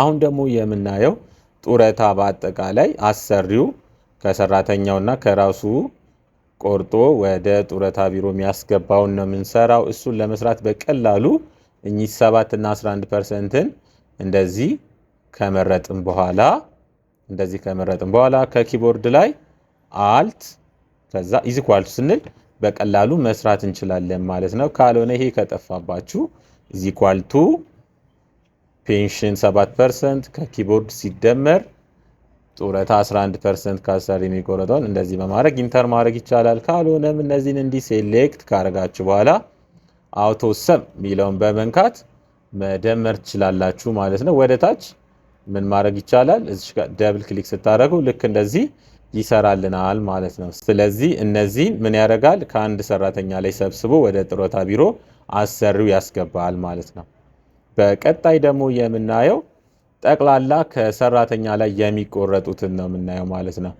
አሁን ደግሞ የምናየው ጡረታ በአጠቃላይ አሰሪው ከሰራተኛውና ከራሱ ቆርጦ ወደ ጡረታ ቢሮ የሚያስገባውን ነው የምንሰራው። እሱን ለመስራት በቀላሉ እኚህ 7 እና 11 ፐርሰንትን እንደዚህ ከመረጥን በኋላ እንደዚህ ከመረጥን በኋላ ከኪቦርድ ላይ አልት ከዛ ኢዚኳልቱ ስንል በቀላሉ መስራት እንችላለን ማለት ነው። ካልሆነ ይሄ ከጠፋባችሁ ኢዚኳልቱ ፔንሽን 7 ፐርሰንት ከኪቦርድ ሲደመር ጡረታ 11 ፐርሰንት ከአሰሪ የሚቆረጠውን እንደዚህ በማድረግ ኢንተር ማድረግ ይቻላል። ካልሆነም እነዚህን እንዲህ ሴሌክት ካረጋችሁ በኋላ አውቶ ሰም የሚለውን በመንካት መደመር ትችላላችሁ ማለት ነው። ወደ ታች ምን ማድረግ ይቻላል? እዚህ ጋር ደብል ክሊክ ስታደረጉ ልክ እንደዚህ ይሰራልናል ማለት ነው። ስለዚህ እነዚህን ምን ያደርጋል? ከአንድ ሰራተኛ ላይ ሰብስቦ ወደ ጡረታ ቢሮ አሰሪው ያስገባል ማለት ነው። በቀጣይ ደግሞ የምናየው ጠቅላላ ከሰራተኛ ላይ የሚቆረጡትን ነው የምናየው ማለት ነው።